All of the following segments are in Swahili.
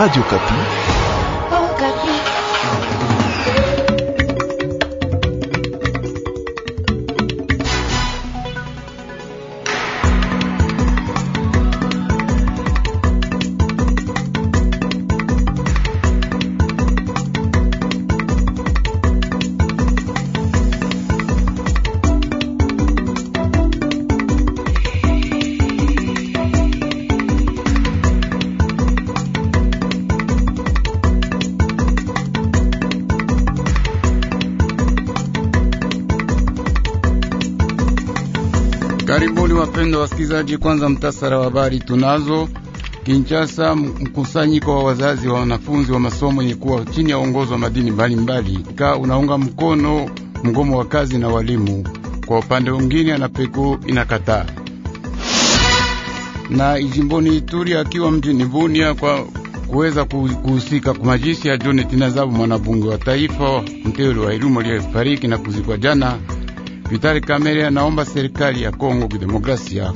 Radio Capim. wa wasikilizaji, kwanza mtasara wa habari tunazo. Kinshasa, mkusanyiko wa wazazi wa wanafunzi wa masomo yenye kuwa chini ya uongozi wa madini mbalimbali ka unaunga mkono mgomo wa kazi na walimu. Kwa upande mwingine, Anapeku inakataa na ijimboni Ituri, akiwa mjini Bunia kwa kuweza kuhusika kwa majishi ya Jonathan Azabu, mwanabunge wa taifa mteuli wa elimu aliyefariki na kuzikwa jana Vitali Kamere anaomba serikali ya Kongo Kidemokrasia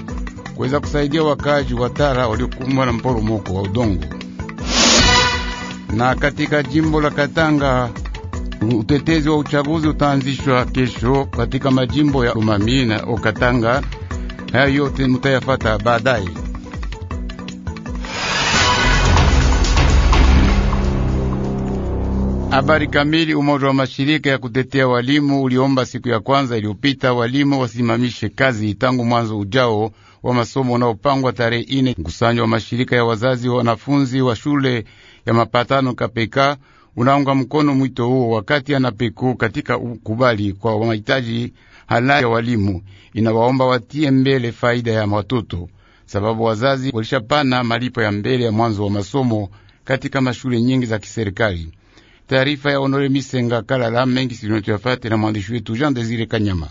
kuweza kusaidia wakaji wa Tara waliokumbwa na mporomoko wa udongo. Na katika jimbo la Katanga, utetezi wa uchaguzi utaanzishwa kesho katika majimbo ya Umami na Okatanga. Hayo yote mutayafata baadaye. Habari kamili. Umoja wa mashirika ya kutetea walimu uliomba siku ya kwanza iliyopita walimu wasimamishe kazi tangu mwanzo ujao wa masomo unaopangwa tarehe ine. Mkusanyo wa mashirika ya wazazi wa wanafunzi wa shule ya mapatano Kapeka unaunga mkono mwito huo, wakati anapeku katika ukubali kwa mahitaji halali ya walimu, inawaomba watie mbele faida ya watoto, sababu wazazi walishapana malipo ya mbele ya mwanzo wa masomo katika mashule nyingi za kiserikali. Taarifa ya Honore Misenga Kalala mengi silinotoyafate na mwandishi wetu Jean Desire Kanyama.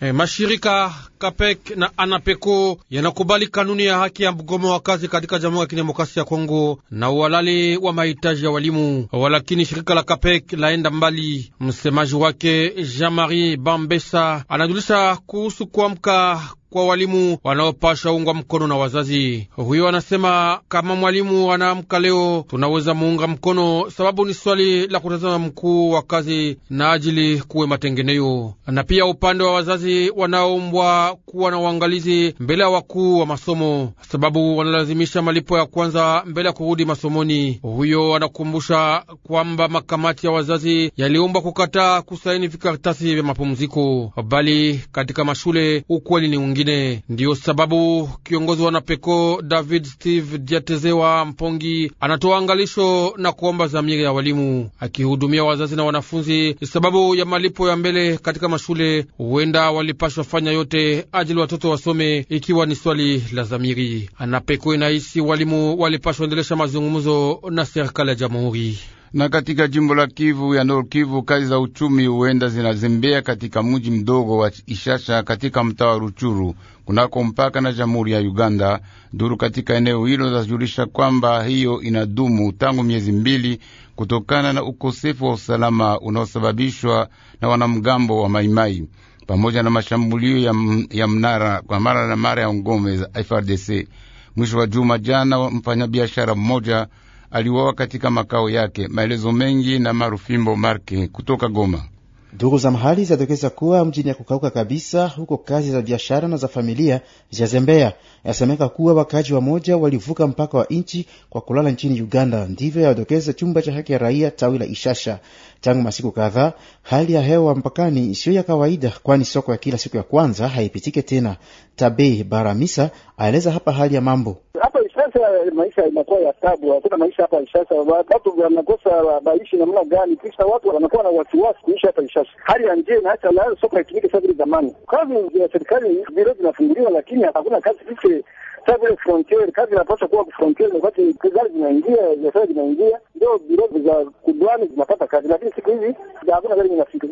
E, mashirika Kapek na Anapeko yanakubali kanuni ya haki ya mgomo wa kazi katika Jamhuri ya Kidemokrasia ya Kongo na uhalali wa mahitaji ya walimu, walakini shirika la Kapek laenda mbali. Msemaji wake Jean-Marie Bambesa anajulisha kuhusu kuamka kwa walimu wanaopasha ungwa mkono na wazazi. Huyo anasema kama mwalimu anaamka leo, tunaweza muunga mkono, sababu ni swali la kutazama mkuu wa kazi na ajili kuwe matengeneyo, na pia upande wa wazazi wanaombwa kuwa na uangalizi mbele ya wakuu wa masomo, sababu wanalazimisha malipo ya kwanza mbele ya kurudi masomoni. Huyo anakumbusha kwamba makamati ya wazazi yaliombwa kukataa kusaini vikaratasi vya mapumziko, bali katika mashule ukweli ni mwingine wengine. Ndiyo sababu kiongozi wa Napeko David Steve Diatezewa Mpongi anatoa angalisho na kuomba zamiri ya walimu akihudumia wazazi na wanafunzi, sababu ya malipo ya mbele katika mashule, huenda walipashwa fanya yote ajili watoto wasome, ikiwa ni swali la zamiri. Anapeko inahisi walimu walipashwa endelesha mazungumzo na serikali ya jamhuri na katika jimbo la Kivu ya Nord Kivu, kazi za uchumi huenda zinazembea katika mji mdogo wa Ishasha katika mtaa wa Ruchuru kunako mpaka na Jamhuri ya Uganda. Duru katika eneo hilo zajulisha kwamba hiyo inadumu tangu miezi mbili kutokana na ukosefu wa usalama unaosababishwa na wanamgambo wa Maimai pamoja na mashambulio ya, ya mnara kwa mara na mara ya ngome za FRDC. Mwisho wa juma jana, mfanyabiashara mmoja aliwawa katika makao yake. Maelezo mengi na Marufimbo Marke kutoka Goma. Ndugu za mahali zinatokeza kuwa mjini ya kukauka kabisa huko, kazi za biashara na za familia zinazembea. Yasemeka kuwa wakaaji wamoja walivuka mpaka wa nchi kwa kulala nchini Uganda, ndivyo yadokeza chumba cha haki ya raia tawi la Ishasha. Tangu masiku kadhaa, hali ya hewa mpakani siyo ya kawaida, kwani soko ya kila siku ya kwanza haipitike tena. Tabe Baramisa aeleza hapa hali ya mambo hapa sasa maisha inakuwa ya tabu, hakuna maisha hapa Ishasa. Watu wanakosa waishi namna gani? Kisha watu wanakuwa na wasiwasi kuishi hapa Ishasa, hali ya nje na hata lazo soko haitumiki sasa vile zamani. Kazi ya serikali biro zinafunguliwa, lakini hakuna kazi fiche sasa vile frontier, kazi inapaswa kuwa frontier, wakati gari zinaingia, biashara zinaingia, ndio biro za kudwani zinapata kazi, lakini siku hizi hakuna gari inafika.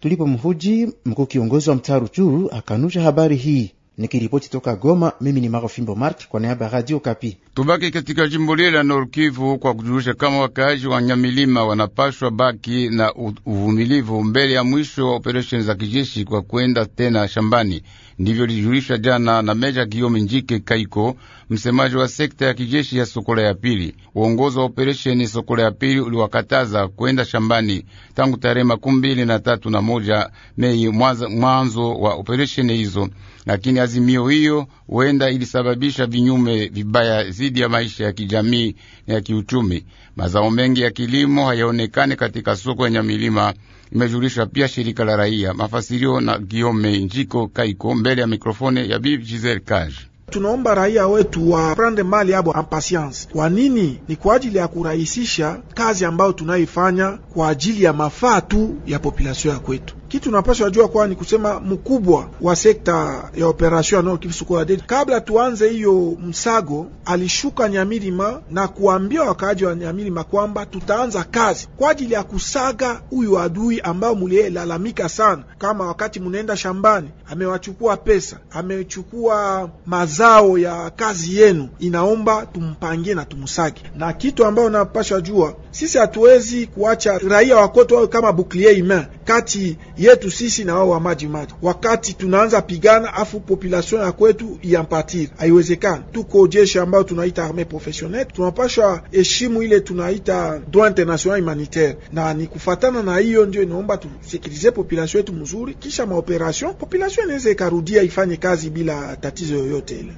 Tulipo mhuji mkuu kiongozi wa mtaa Ruchuru akanusha habari hii. Nikiripoti toka Goma, mimi ni Maro Fimbo Mark kwa niaba ya Radio Kapi. Tubaki katika jimbo lile la Nord Kivu kwa kujulisha kama wakaaji wa Nyamilima wanapashwa baki na uvumilivu mbele ya mwisho wa operesheni za kijeshi kwa kwenda tena shambani ndivyo lijulisha jana na Meja Guillaume Njike Kaiko, msemaji wa sekta ya kijeshi ya Sokola ya pili. Uongozi wa operesheni Sokola ya pili uliwakataza kwenda shambani tangu tarehe makumi mbili na tatu na moja Mei, mwanzo wa operesheni hizo, lakini azimio hiyo huenda ilisababisha vinyume vibaya zidi ya maisha ya kijamii na ya kiuchumi. Mazao mengi ya kilimo hayaonekane katika soko ya Nyamilima imejulishwa pia shirika la raia. Mafasirio na Guillaume Njiko Kaiko mbele ya mikrofone ya Bibi Giselle kaj Tunaomba raia wetu waprende mali yabo ampasiansi. Kwa nini? Ni kwa ajili ya kurahisisha kazi ambayo tunaifanya kwa ajili ya mafaa tu ya populasio ya kwetu kitu napaswa jua kwa ni kusema mkubwa wa sekta ya operation no Kivu Dedi, kabla tuanze hiyo msago, alishuka Nyamirima na kuambia wakaaji wa Nyamirima kwamba tutaanza kazi kwa ajili ya kusaga huyu adui ambao mulielalamika sana, kama wakati munaenda shambani amewachukua pesa, amechukua mazao ya kazi yenu, inaomba tumpangie na tumsage Na kitu ambayo napaswa jua, sisi hatuwezi kuacha raia wakoto kama bouclier humain kati yetu sisi na wao wa majimaji. Wakati tunaanza pigana, afu population ya kwetu iyampatire, haiwezekani. Tuko jeshi ambayo tunaita arme professionnel, tunapasha heshimu ile tunaita droit international humanitaire, na ni kufatana na hiyo ndio inaomba tusekirize population yetu mzuri, kisha maoperation population inaweza ikarudia ifanye kazi bila tatizo yoyote ile.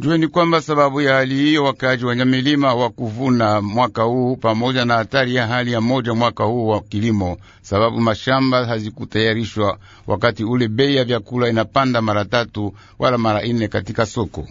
Jueni kwamba sababu ya hali hiyo, wakaji wanyamilima wa kuvuna mwaka huu pamoja na hatari ya hali ya moja mwaka huu wa kilimo, sababu mashamba hazikutayarishwa wakati ule. Bei ya vyakula inapanda mara tatu wala mara ine katika soko.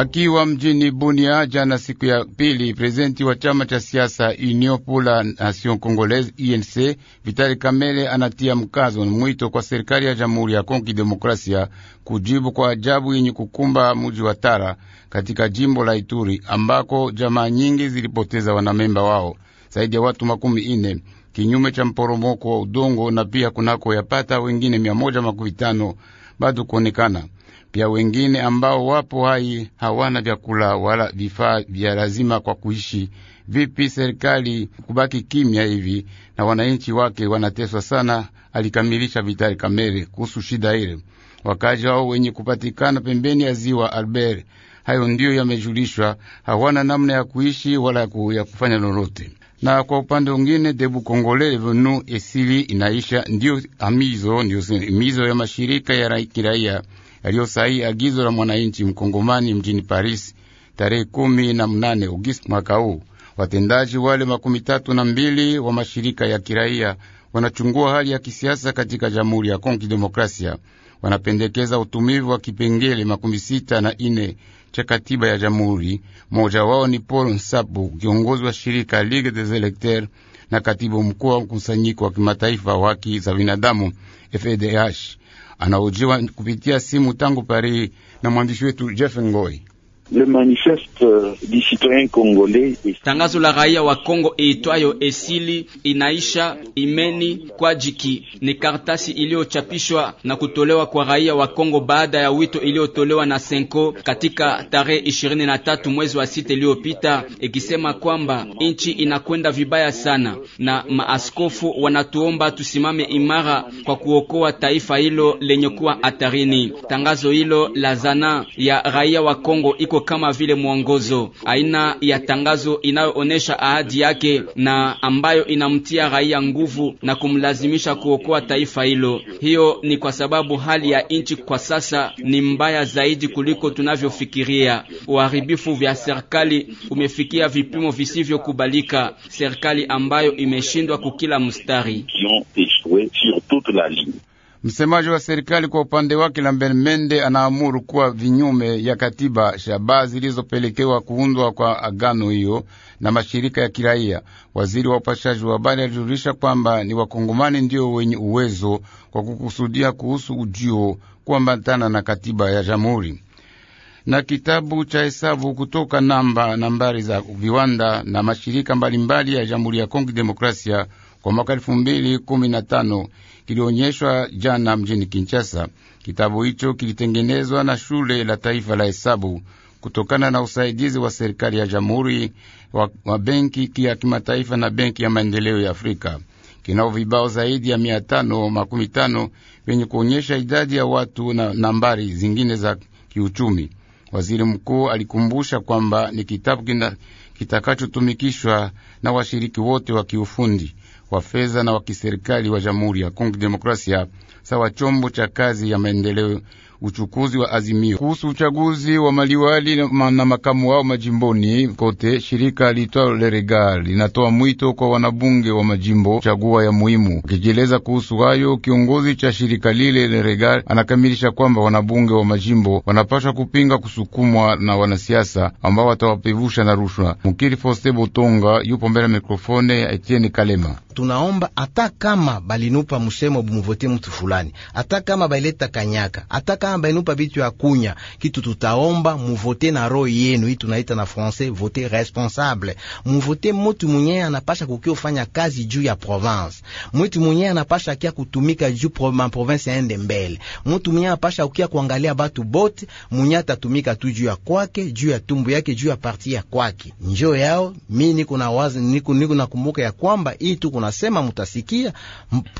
Akiwa mjini Bunia jana siku ya pili, prezidenti wa chama cha siasa Union pour la Nation Congolaise UNC Vitali Kamele anatia mkazo na mwito kwa serikali ya Jamhuri ya Kongo Kidemokrasia kujibu kwa ajabu yenye kukumba muji wa Tara katika jimbo la Ituri ambako jamaa nyingi zilipoteza wanamemba wao zaidi ya watu makumi ine kinyume cha mporomoko wa udongo na pia kunako yapata wengine mia moja makumi tano bado kuonekana pia wengine ambao wapo hai hawana vyakula wala vifaa vya lazima kwa kuishi. Vipi serikali kubaki kimya hivi na wananchi wake wanateswa sana? Alikamilisha Vitali Kamere kuhusu shida ile, Wakazi wao wenye kupatikana pembeni ya ziwa Albert. Hayo ndiyo yamejulishwa, hawana namna ya kuishi wala ya kufanya lolote na kwa upande mwingine Debu Kongole Revenu esili inaisha, ndiyo amizo, ndio mizo ya mashirika ya kiraia yaliyosahii agizo la mwananchi mkongomani mjini Paris tarehe kumi na mnane Agosti mwaka huu. Watendaji wale makumi tatu na mbili wa mashirika ya kiraia wanachungua hali ya kisiasa katika Jamhuri ya Kongo Demokrasia. Wanapendekeza utumivu wa kipengele makumi sita na ine cha katiba ya jamhuri. Mmoja wao ni Paul Nsapu, kiongozi wa shirika Ligue des Electeurs na katibu mkuu wa mkusanyiko wa kimataifa wa haki za binadamu FEDH anaojiwa kupitia simu tangu Paris na mwandishi wetu Jeff Ngoi. Le manifeste euh, du citoyen congolais. Tangazo la raia wa Kongo iitwayo Esili inaisha imeni kwa jiki ni karatasi iliyochapishwa na kutolewa kwa raia wa Kongo baada ya wito iliyotolewa na Senko katika tarehe 23 mwezi wa sita iliyopita, ikisema kwamba nchi inakwenda vibaya sana na maaskofu wanatuomba tusimame imara kwa kuokoa taifa hilo lenye kuwa hatarini. Tangazo hilo la zana ya raia wa Kongo iko iko kama vile mwongozo, aina ya tangazo inayoonyesha ahadi yake na ambayo inamtia raia nguvu na kumlazimisha kuokoa taifa hilo. Hiyo ni kwa sababu hali ya nchi kwa sasa ni mbaya zaidi kuliko tunavyofikiria. Uharibifu vya serikali umefikia vipimo visivyokubalika, serikali ambayo imeshindwa kukila mstari. Msemaji wa serikali kwa upande wake Lambert Mende anaamuru kuwa vinyume ya katiba shabaha zilizopelekewa kuundwa kwa agano hiyo na mashirika ya kiraia. Waziri wa upashaji wa habari alijulisha kwamba ni wakongomani ndio wenye uwezo kwa kukusudia kuhusu ujio kuambatana na katiba ya jamhuri na kitabu cha hesabu kutoka namba nambari za viwanda na mashirika mbalimbali mbali ya Jamhuri ya Kongo Demokrasia kwa mwaka elfu mbili kumi na tano kilionyeshwa jana mjini Kinshasa. Kitabu hicho kilitengenezwa na shule la taifa la hesabu kutokana na usaidizi wa serikali ya jamhuri wa, wa benki ya kimataifa na benki ya maendeleo ya Afrika. Kinao vibao zaidi ya mia tano makumi tano vyenye kuonyesha idadi ya watu na nambari zingine za kiuchumi. Waziri mkuu alikumbusha kwamba ni kitabu kitakachotumikishwa na washiriki wote wa kiufundi wa fedha na wa kiserikali wa Jamhuri ya Kongo Demokrasia sawa chombo cha kazi ya maendeleo uchukuzi wa azimio kuhusu uchaguzi wa maliwali na makamu wao majimboni kote. Shirika litwa Leregal linatoa mwito kwa wanabunge wa majimbo chagua ya muhimu. Akijieleza kuhusu hayo, kiongozi cha shirika lile Leregal anakamilisha kwamba wanabunge wa majimbo wanapashwa kupinga kusukumwa na wanasiasa ambao watawapevusha na rushwa. Mukiri Foste Botonga yupo mbele ya mikrofone ya Etienne Kalema tunaomba hata kama balinupa musemo bumuvote mtu fulani, hata kama baileta kanyaka, hata kama bainupa bitu ya kunya kitu, tutaomba muvote na roho yenu. Hii tunaita na francais vote responsable. Muvote mutu mwenyewe anapasha kukiofanya kazi juu ya province, mutu mwenyewe anapasha kia kutumika juu ma province aende mbele, mutu mwenyewe anapasha ukia kuangalia batu bote, mwenyewe atatumika tu juu ya kwake, juu ya tumbu yake, juu ya parti ya kwake, njoo yao. mi niko na wazi, niko niko nakumbuka ya kwamba hii tu kuna tunasema mutasikia,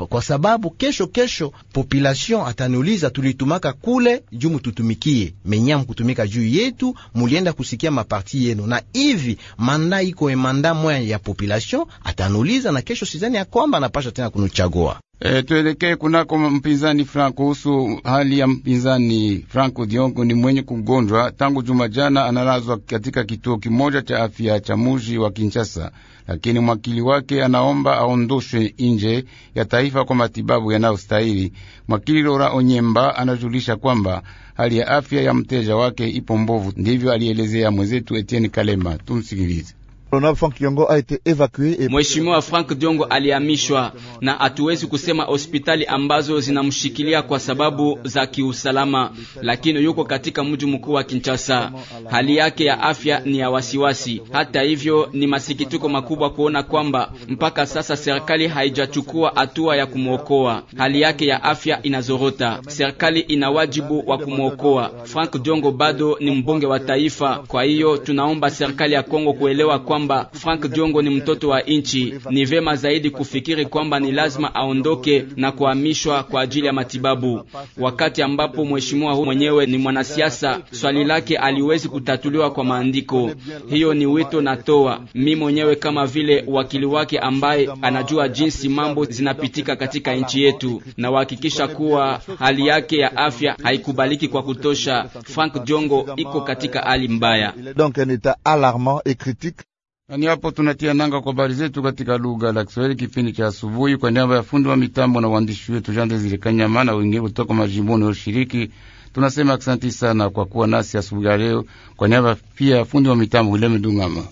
kwa sababu kesho kesho population ataniuliza tulitumaka kule juu mututumikie, menya mkutumika juu yetu, mulienda kusikia maparti yenu. Na hivi manda iko emanda moya ya population ataniuliza, na kesho sizani ya kwamba anapasha tena kunuchagua. E, tuelekee kunako mpinzani Frank kuhusu hali ya mpinzani Frank Diongo ni mwenye kugonjwa tangu juma jana, analazwa katika kituo kimoja cha afya cha muji wa Kinshasa, lakini mwakili wake anaomba aondoshwe nje ya taifa kwa matibabu yanayostahili. Mwakili Lora Onyemba anajulisha kwamba hali ya afya ya mteja wake ipo mbovu, ndivyo alielezea mwenzetu Etienne Kalema. Tumsikilize. Mheshimiwa Frank Diongo alihamishwa na hatuwezi kusema hospitali ambazo zinamshikilia kwa sababu za kiusalama, lakini yuko katika mji mkuu wa Kinshasa. Hali yake ya afya ni ya wasiwasi. Hata hivyo, ni masikitiko makubwa kuona kwamba mpaka sasa serikali haijachukua hatua ya kumwokoa. Hali yake ya afya inazorota. Serikali ina wajibu wa kumwokoa. Frank Diongo bado ni mbunge wa taifa, kwa hiyo tunaomba serikali ya Kongo kuelewa kwa kwamba Frank Diongo ni mtoto wa nchi, ni vema zaidi kufikiri kwamba ni lazima aondoke na kuhamishwa kwa ajili ya matibabu, wakati ambapo mheshimiwa huyu mwenyewe ni mwanasiasa. Swali lake aliwezi kutatuliwa kwa maandiko. Hiyo ni wito natoa mi mwenyewe kama vile wakili wake ambaye anajua jinsi mambo zinapitika katika nchi yetu, na wahakikisha kuwa hali yake ya afya haikubaliki kwa kutosha. Frank Diongo iko katika hali mbaya. Nani hapo tunatia nanga kwa habari zetu katika lugha la Kiswahili kipindi cha asubuhi, kwa niaba ya fundi wa mitambo na waandishi wetu Jean Desire Kanyama na wengine kutoka majimboni walioshiriki, tunasema asanti sana kwa kuwa nasi asubuhi ya leo, kwa niaba pia ya fundi wa mitambo Wileme Dungama.